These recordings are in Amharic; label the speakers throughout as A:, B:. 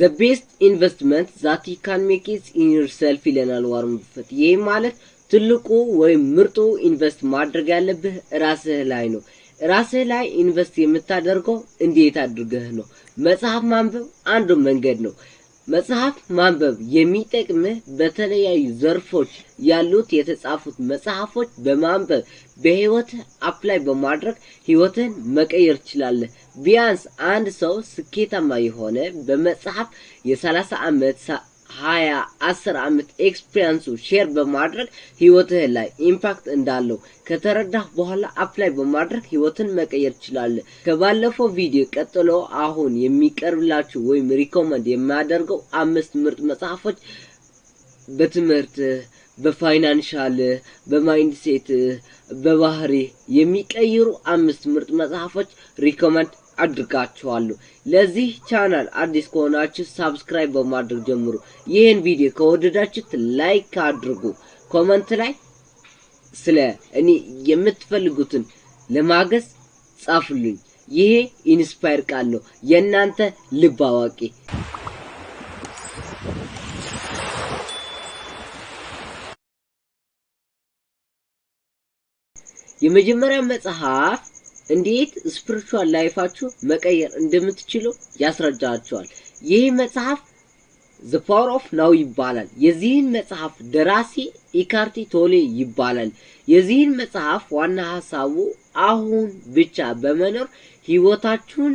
A: ዘ ቤስት ኢንቨስትመንት ዛት ዩ ካን ሜክ ኢዝ ኢን ዮርሰልፍ ይለናል ዋረን በፈት። ይህ ማለት ትልቁ ወይም ምርጡ ኢንቨስት ማድረግ ያለብህ ራስህ ላይ ነው። ራስህ ላይ ኢንቨስት የምታደርገው እንዴት አድርገህ ነው? መጽሐፍ ማንበብ አንዱ መንገድ ነው። መጽሐፍ ማንበብ የሚጠቅምህ በተለያዩ ዘርፎች ያሉት የተጻፉት መጽሐፎች በማንበብ በህይወትህ አፕላይ በማድረግ ህይወትህን መቀየር ትችላለህ። ቢያንስ አንድ ሰው ስኬታማ የሆነ በመጽሐፍ የ30 ዓመት ሀያ አስር ዓመት ኤክስፒሪያንሱ ሼር በማድረግ ህይወትህ ላይ ኢምፓክት እንዳለው ከተረዳህ በኋላ አፕላይ በማድረግ ህይወትን መቀየር ትችላለህ። ከባለፈው ቪዲዮ ቀጥሎ አሁን የሚቀርብላችሁ ወይም ሪኮመንድ የሚያደርገው አምስት ምርጥ መጽሐፎች በትምህርትህ፣ በፋይናንሻልህ፣ በማይንድሴትህ፣ በባህሪ የሚቀይሩ አምስት ምርጥ መጽሐፎች ሪኮመንድ አድርጋችኋለሁ። ለዚህ ቻናል አዲስ ከሆናችሁ ሳብስክራይብ በማድረግ ጀምሩ። ይህን ቪዲዮ ከወደዳችሁት ላይክ አድርጉ። ኮመንት ላይ ስለ እኔ የምትፈልጉትን ለማገዝ ጻፉልኝ። ይሄ ኢንስፓየር ቃል ነው። የእናንተ ልብ አዋቂ የመጀመሪያ መጽሐፍ እንዴት ስፕሪቹዋል ላይፋችሁ መቀየር እንደምትችሉ ያስረዳችኋል። ይህ መጽሐፍ ዘ ፓወር ኦፍ ናው ይባላል። የዚህን መጽሐፍ ደራሲ ኢካርቲ ቶሌ ይባላል። የዚህን መጽሐፍ ዋና ሀሳቡ አሁን ብቻ በመኖር ህይወታችሁን፣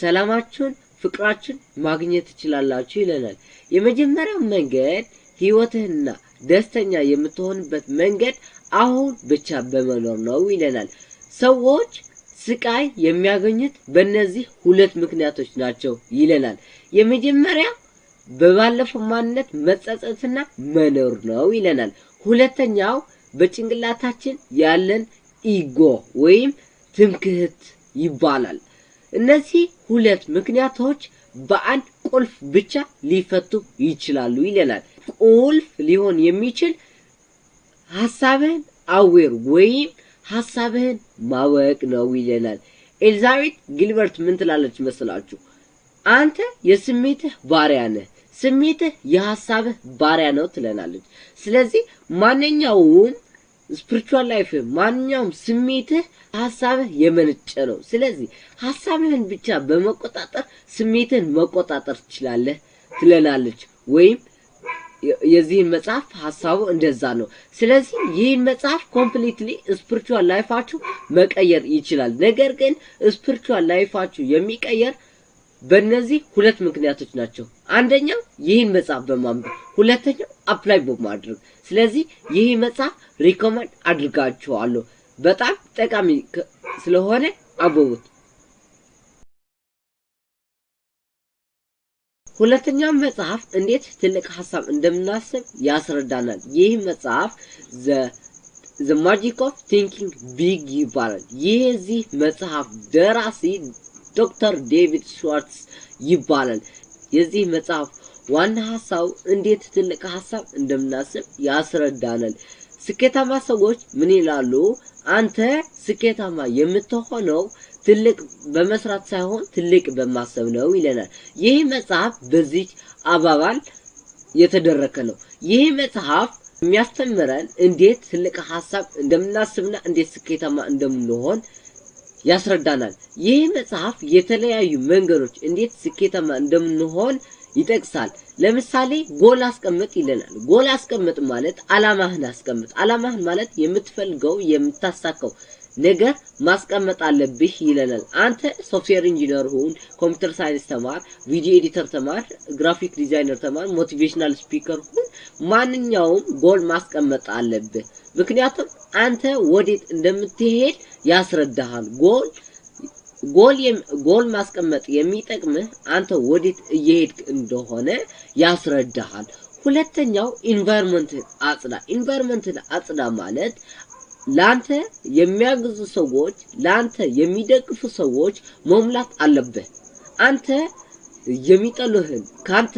A: ሰላማችሁን፣ ፍቅራችሁን ማግኘት ትችላላችሁ ይለናል። የመጀመሪያው መንገድ ህይወትህና ደስተኛ የምትሆንበት መንገድ አሁን ብቻ በመኖር ነው ይለናል። ሰዎች ስቃይ የሚያገኙት በእነዚህ ሁለት ምክንያቶች ናቸው ይለናል። የመጀመሪያ በባለፈው ማንነት መጸጸትና መኖር ነው ይለናል። ሁለተኛው በጭንቅላታችን ያለን ኢጎ ወይም ትምክህት ይባላል። እነዚህ ሁለት ምክንያቶች በአንድ ቁልፍ ብቻ ሊፈቱ ይችላሉ ይለናል። ቁልፍ ሊሆን የሚችል ሀሳብህን አዌር ወይም ሀሳብህን ማወቅ ነው ይለናል። ኤልዛቤት ግልበርት ምን ትላለች መስላችሁ? አንተ የስሜትህ ባሪያ ነህ፣ ስሜትህ የሀሳብህ ባሪያ ነው ትለናለች። ስለዚህ ማንኛውም ስፕሪቹዋል ላይፍ ማንኛውም ስሜትህ ሀሳብህ የመነጨ ነው። ስለዚህ ሀሳብህን ብቻ በመቆጣጠር ስሜትህን መቆጣጠር ትችላለህ ትለናለች ወይም የዚህን መጽሐፍ ሀሳቡ እንደዛ ነው። ስለዚህ ይህን መጽሐፍ ኮምፕሊትሊ ስፕሪቹዋል ላይፋችሁ መቀየር ይችላል። ነገር ግን ስፕሪቹዋል ላይፋችሁ የሚቀየር በእነዚህ ሁለት ምክንያቶች ናቸው። አንደኛው ይህን መጽሐፍ በማንበብ ሁለተኛው አፕላይ በማድረግ። ስለዚህ ይህ መጽሐፍ ሪኮመንድ አድርጋችኋለሁ። በጣም ጠቃሚ ስለሆነ አንብቡት። ሁለተኛው መጽሐፍ እንዴት ትልቅ ሀሳብ እንደምናስብ ያስረዳናል። ይህ መጽሐፍ ዘ ዘ ማጂክ ኦፍ ቲንኪንግ ቢግ ይባላል። የዚህ መጽሐፍ ደራሲ ዶክተር ዴቪድ ሽዋርትስ ይባላል። የዚህ መጽሐፍ ዋና ሀሳቡ እንዴት ትልቅ ሀሳብ እንደምናስብ ያስረዳናል። ስኬታማ ሰዎች ምን ይላሉ? አንተ ስኬታማ የምትሆነው ትልቅ በመስራት ሳይሆን ትልቅ በማሰብ ነው ይለናል። ይህ መጽሐፍ በዚህ አባባል የተደረከ ነው። ይህ መጽሐፍ የሚያስተምረን እንዴት ትልቅ ሀሳብ እንደምናስብና እንዴት ስኬታማ እንደምንሆን ያስረዳናል። ይህ መጽሐፍ የተለያዩ መንገዶች እንዴት ስኬታማ እንደምንሆን ይጠቅሳል። ለምሳሌ ጎል አስቀምጥ ይለናል። ጎል አስቀምጥ ማለት አላማህን አስቀምጥ። አላማህን ማለት የምትፈልገው የምታሳካው ነገ ማስቀመጥ አለብህ ይለናል። አንተ ሶፍትዌር ኢንጂነር ሁን፣ ኮምፒውተር ሳይንስ ተማር፣ ቪዲዮ ኤዲተር ተማር፣ ግራፊክ ዲዛይነር ተማር፣ ሞቲቬሽናል ስፒከር ሁን፣ ማንኛውም ጎል ማስቀመጥ አለብህ። ምክንያቱም አንተ ወዴት እንደምትሄድ ያስረዳሃል። ጎል ጎል ጎል ማስቀመጥ የሚጠቅምህ አንተ ወዴት እየሄድክ እንደሆነ ያስረዳሃል። ሁለተኛው ኢንቫይሮንመንትን አጽዳ። ኢንቫይሮንመንትን አጽዳ ማለት ለአንተ የሚያግዙ ሰዎች፣ ለአንተ የሚደግፉ ሰዎች መሙላት አለብህ። አንተ የሚጠሉህን ከአንተ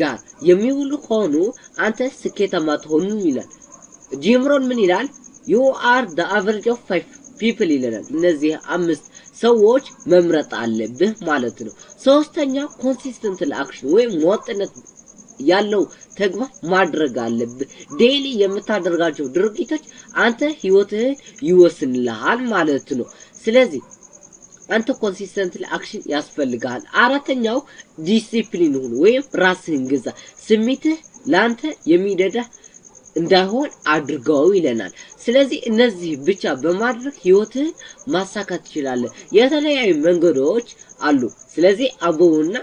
A: ጋር የሚውሉ ከሆኑ አንተ ስኬታማ ትሆኑ ይላል። ጂምሮን ምን ይላል? ዩ አር ደ አቨሬጅ ኦፍ ፋይቭ ፒፕል ይለናል። እነዚህ አምስት ሰዎች መምረጥ አለብህ ማለት ነው። ሶስተኛ ኮንሲስተንት ለአክሽን ወይም ወጥነት ያለው ተግባር ማድረግ አለብህ። ዴይሊ የምታደርጋቸው ድርጊቶች አንተ ህይወትህን ይወስንልሃል ማለት ነው። ስለዚህ አንተ ኮንሲስተንት አክሽን ያስፈልጋል። አራተኛው ዲሲፕሊን ሁን ወይም ራስህን ግዛ። ስሜትህ ለአንተ የሚደዳ እንዳይሆን አድርገው ይለናል። ስለዚህ እነዚህ ብቻ በማድረግ ህይወትህን ማሳካት ትችላለህ። የተለያዩ መንገዶች አሉ። ስለዚህ አብቡና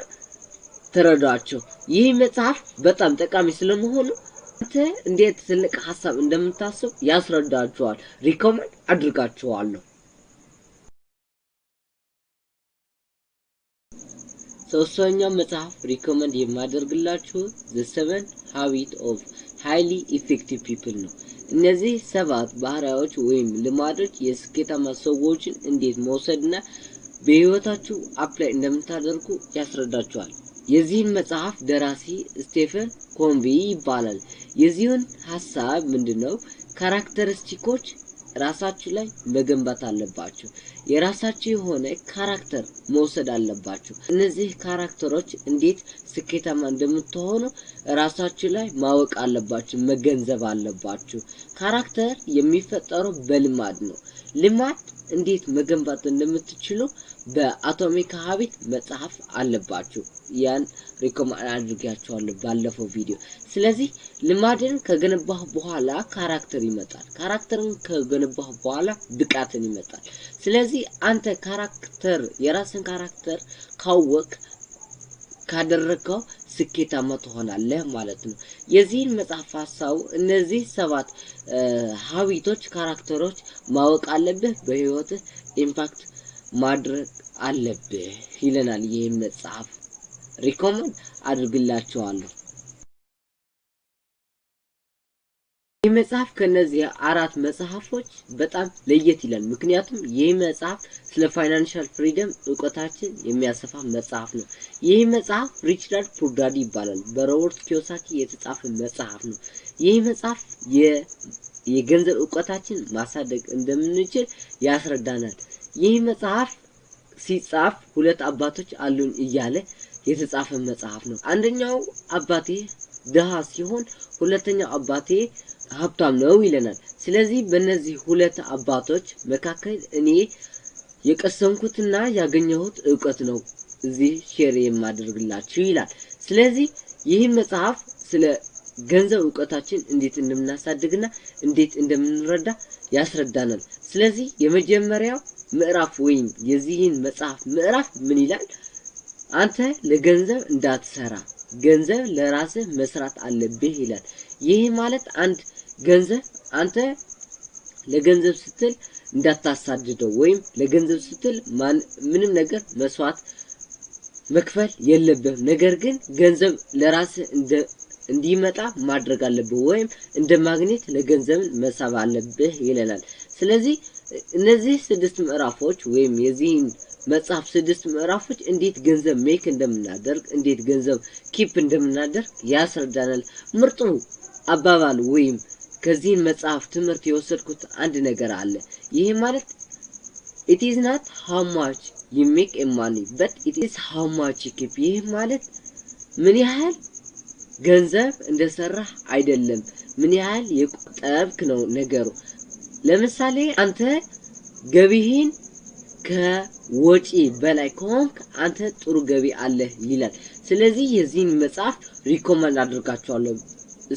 A: ተረዷቸው። ይህ መጽሐፍ በጣም ጠቃሚ ስለመሆኑ አንተ እንዴት ትልቅ ሀሳብ እንደምታስብ ያስረዳችኋል። ሪኮመንድ አድርጋችኋለሁ። ሶስተኛው መጽሐፍ ሪኮመንድ የማደርግላችሁ ዘ ሰቨን ሀቢት ኦፍ ሃይሊ ኢፌክቲቭ ፒፕል ነው። እነዚህ ሰባት ባህሪያዎች ወይም ልማዶች የስኬታማ ሰዎችን እንዴት መውሰድና በህይወታችሁ አፕላይ እንደምታደርጉ ያስረዳችኋል። የዚህም መጽሐፍ ደራሲ ስቴፈን ኮንቪ ይባላል። የዚሁን ሀሳብ ምንድን ነው? ካራክተሪስቲኮች ራሳችሁ ላይ መገንባት አለባችሁ። የራሳችሁ የሆነ ካራክተር መውሰድ አለባችሁ። እነዚህ ካራክተሮች እንዴት ስኬታማ እንደምትሆኑ ራሳችሁ ላይ ማወቅ አለባችሁ፣ መገንዘብ አለባችሁ። ካራክተር የሚፈጠረው በልማድ ነው። ልማድ እንዴት መገንባት እንደምትችሉ በአቶሚክ ሀቢት መጽሐፍ አለባችሁ። ያን ሪኮማንድ አድርጊያቸዋለሁ ባለፈው ቪዲዮ። ስለዚህ ልማድን ከገነባህ በኋላ ካራክተር ይመጣል። ካራክተርን ከገነባህ በኋላ ብቃትን ይመጣል። ስለዚህ አንተ ካራክተር የራስን ካራክተር ካወቅ ካደረግከው ስኬታማ ትሆናለህ ማለት ነው። የዚህን መጽሐፍ ሀሳቡ እነዚህ ሰባት ሀቢቶች ካራክተሮች ማወቅ አለብህ፣ በህይወትህ ኢምፓክት ማድረግ አለብህ ይለናል ይህ መጽሐፍ። ሪኮመንድ አድርግላችኋለሁ። ይህ መጽሐፍ ከነዚህ አራት መጽሐፎች በጣም ለየት ይላል። ምክንያቱም ይህ መጽሐፍ ስለ ፋይናንሻል ፍሪደም እውቀታችን የሚያሰፋ መጽሐፍ ነው። ይህ መጽሐፍ ሪቻርድ ፑር ይባላል። በሮበርት ኪዮሳኪ የተጻፈ መጽሐፍ ነው። ይህ መጽሐፍ የገንዘብ እውቀታችን ማሳደግ እንደምንችል ያስረዳናል። ይህ መጽሐፍ ሲጻፍ ሁለት አባቶች አሉን እያለ የተጻፈ መጽሐፍ ነው። አንደኛው አባቴ ድሃ ሲሆን ሁለተኛው አባቴ ሀብታም ነው ይለናል። ስለዚህ በእነዚህ ሁለት አባቶች መካከል እኔ የቀሰምኩትና ያገኘሁት እውቀት ነው እዚህ ሼር የማደርግላችሁ ይላል። ስለዚህ ይህ መጽሐፍ ስለ ገንዘብ እውቀታችን እንዴት እንደምናሳድግና እንዴት እንደምንረዳ ያስረዳናል። ስለዚህ የመጀመሪያው ምዕራፍ ወይም የዚህን መጽሐፍ ምዕራፍ ምን ይላል? አንተ ለገንዘብ እንዳትሰራ ገንዘብ ለራስህ መስራት አለብህ ይላል። ይህ ማለት አንድ ገንዘብ አንተ ለገንዘብ ስትል እንዳታሳድደው ወይም ለገንዘብ ስትል ምንም ነገር መስዋዕት መክፈል የለብህም። ነገር ግን ገንዘብ ለራስህ እንዲመጣ ማድረግ አለብህ ወይም እንደ ማግኔት ለገንዘብን መሳብ አለብህ ይለናል። ስለዚህ እነዚህ ስድስት ምዕራፎች ወይም የዚህን መጽሐፍ ስድስት ምዕራፎች እንዴት ገንዘብ ሜክ እንደምናደርግ እንዴት ገንዘብ ኪፕ እንደምናደርግ ያስረዳናል። ምርጡ አባባል ወይም ከዚህን መጽሐፍ ትምህርት የወሰድኩት አንድ ነገር አለ። ይህ ማለት ኢት ኢዝ ናት ሃው ማች ዩ ሜክ ኤ ማኒ በት ኢት ኢዝ ሃው ማች ዩ ኪፕ። ይህ ማለት ምን ያህል ገንዘብ እንደሰራህ አይደለም፣ ምን ያህል የቆጠብክ ነው ነገሩ። ለምሳሌ አንተ ገቢህን ከወጪ በላይ ከሆንክ አንተ ጥሩ ገቢ አለህ ይላል። ስለዚህ የዚህን መጽሐፍ ሪኮመንድ አድርጋችኋለሁ።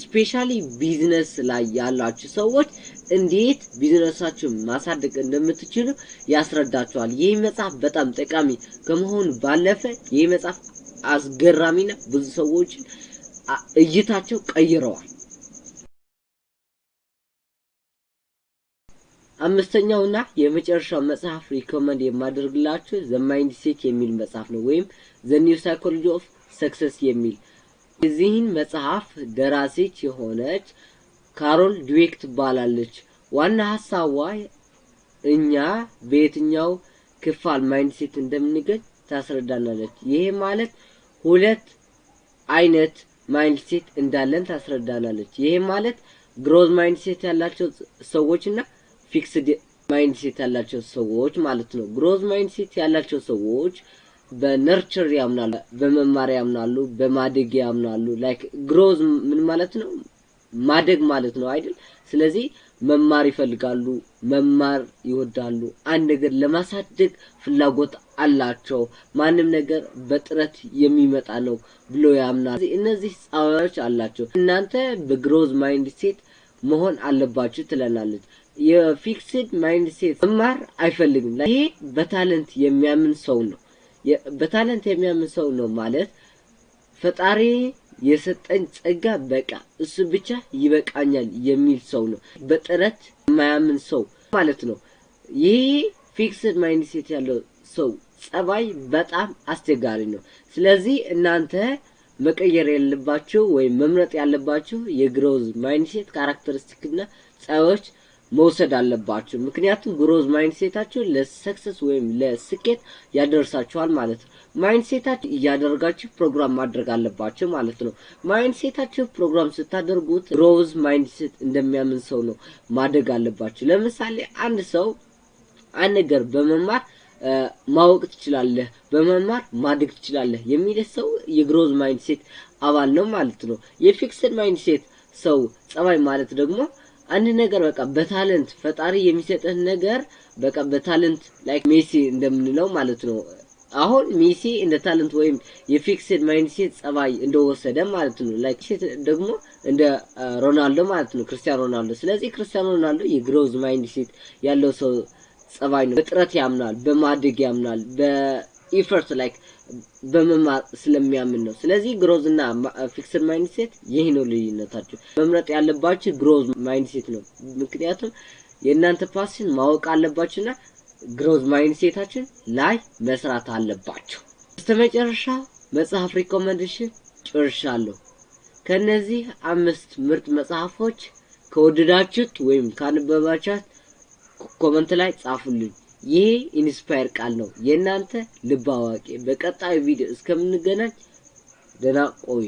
A: ስፔሻሊ ቢዝነስ ላይ ያላችሁ ሰዎች እንዴት ቢዝነሳችሁን ማሳደግ እንደምትችሉ ያስረዳችኋል። ይህ መጽሐፍ በጣም ጠቃሚ ከመሆኑ ባለፈ ይህ መጽሐፍ አስገራሚና ብዙ ሰዎችን እይታቸው ቀይረዋል። አምስተኛውና የመጨረሻው መጽሐፍ ሪኮመንድ የማደርግላችሁ ዘ ማይንድ ሴት የሚል መጽሐፍ ነው፣ ወይም ዘ ኒው ሳይኮሎጂ ኦፍ ሰክሰስ የሚል የዚህን መጽሐፍ ደራሲት የሆነች ካሮል ድዌክ ትባላለች። ዋና ሀሳቧ እኛ በየትኛው ክፋል ማይንድ ሴት እንደምንገኝ ታስረዳናለች። ይሄ ማለት ሁለት አይነት ማይንድ ሴት እንዳለን ታስረዳናለች። ይሄ ማለት ግሮዝ ማይንድ ሴት ያላቸው ሰዎችና ፊክስድ ማይንድ ሴት ያላቸው ሰዎች ማለት ነው። ግሮዝ ማይንድ ሴት ያላቸው ሰዎች በነርቸር ያምናሉ፣ በመማር ያምናሉ፣ በማደግ ያምናሉ። ላይክ ግሮዝ ምን ማለት ነው? ማደግ ማለት ነው አይደል? ስለዚህ መማር ይፈልጋሉ፣ መማር ይወዳሉ። አንድ ነገር ለማሳደግ ፍላጎት አላቸው። ማንም ነገር በጥረት የሚመጣ ነው ብሎ ያምናል። እነዚህ ጸባዮች አላቸው። እናንተ በግሮዝ ማይንድ ሴት መሆን አለባችሁ ትለናለች። የፊክስድ ማይንድ ሴት መማር አይፈልግም። ይሄ በታለንት የሚያምን ሰው ነው። በታለንት የሚያምን ሰው ነው ማለት ፈጣሪ የሰጠኝ ጸጋ በቃ እሱ ብቻ ይበቃኛል የሚል ሰው ነው። በጥረት የማያምን ሰው ማለት ነው። ይሄ ፊክስድ ማይንድ ሴት ያለው ሰው ጸባይ በጣም አስቸጋሪ ነው። ስለዚህ እናንተ መቀየር ያለባችሁ ወይም መምረጥ ያለባችሁ የግሮዝ ማይንድሴት ካራክተሪስቲክ እና ጸባዮች መውሰድ አለባችሁ። ምክንያቱም ግሮዝ ማይንድሴታችሁ ለሰክሰስ ወይም ለስኬት ያደርሳችኋል ማለት ነው። ማይንድሴታችሁ እያደረጋችሁ ፕሮግራም ማድረግ አለባችሁ ማለት ነው። ማይንድሴታችሁ ፕሮግራም ስታደርጉት ግሮዝ ማይንድሴት እንደሚያምን ሰው ነው ማደግ አለባችሁ። ለምሳሌ አንድ ሰው አንድ ነገር በመማር ማወቅ ትችላለህ፣ በመማር ማደግ ትችላለህ የሚል ሰው የግሮዝ ማይንድሴት አባል ነው ማለት ነው። የፊክስድ ማይንድሴት ሰው ጸባይ ማለት ደግሞ አንድ ነገር በቃ በታለንት ፈጣሪ የሚሰጠን ነገር በቃ በታለንት ላይክ ሜሲ እንደምንለው ማለት ነው። አሁን ሜሲ እንደ ታለንት ወይም የፊክስድ ማይንድሴት ጸባይ እንደወሰደ ማለት ነው። ላይክ ደግሞ እንደ ሮናልዶ ማለት ነው፣ ክርስቲያኖ ሮናልዶ። ስለዚህ ክርስቲያኖ ሮናልዶ የግሮዝ ማይንድሴት ያለው ሰው ጸባይ ነው። በጥረት ያምናል፣ በማደግ ያምናል፣ ኢፈርት ላይክ በመማር ስለሚያምን ነው። ስለዚህ ግሮዝ እና ፊክስድ ማይንድሴት ይህ ነው ልዩነታቸው። መምረጥ ያለባችሁ ግሮዝ ማይንድሴት ነው። ምክንያቱም የእናንተ ፓስሽን ማወቅ አለባችሁና ግሮዝ ማይንድሴታችን ላይ መስራት አለባችሁ። በስተመጨረሻ መጽሐፍ ሪኮመንዴሽን ጨርሻለሁ። ከነዚህ አምስት ምርጥ መጽሐፎች ከወደዳችሁት ወይም ካነበባችሁት ኮመንት ላይ ጻፉልኝ። ይህ ኢንስፓየር ቃል ነው የእናንተ ልብ አዋቂ። በቀጣዩ ቪዲዮ እስከምንገናኝ ደህና ቆዩ።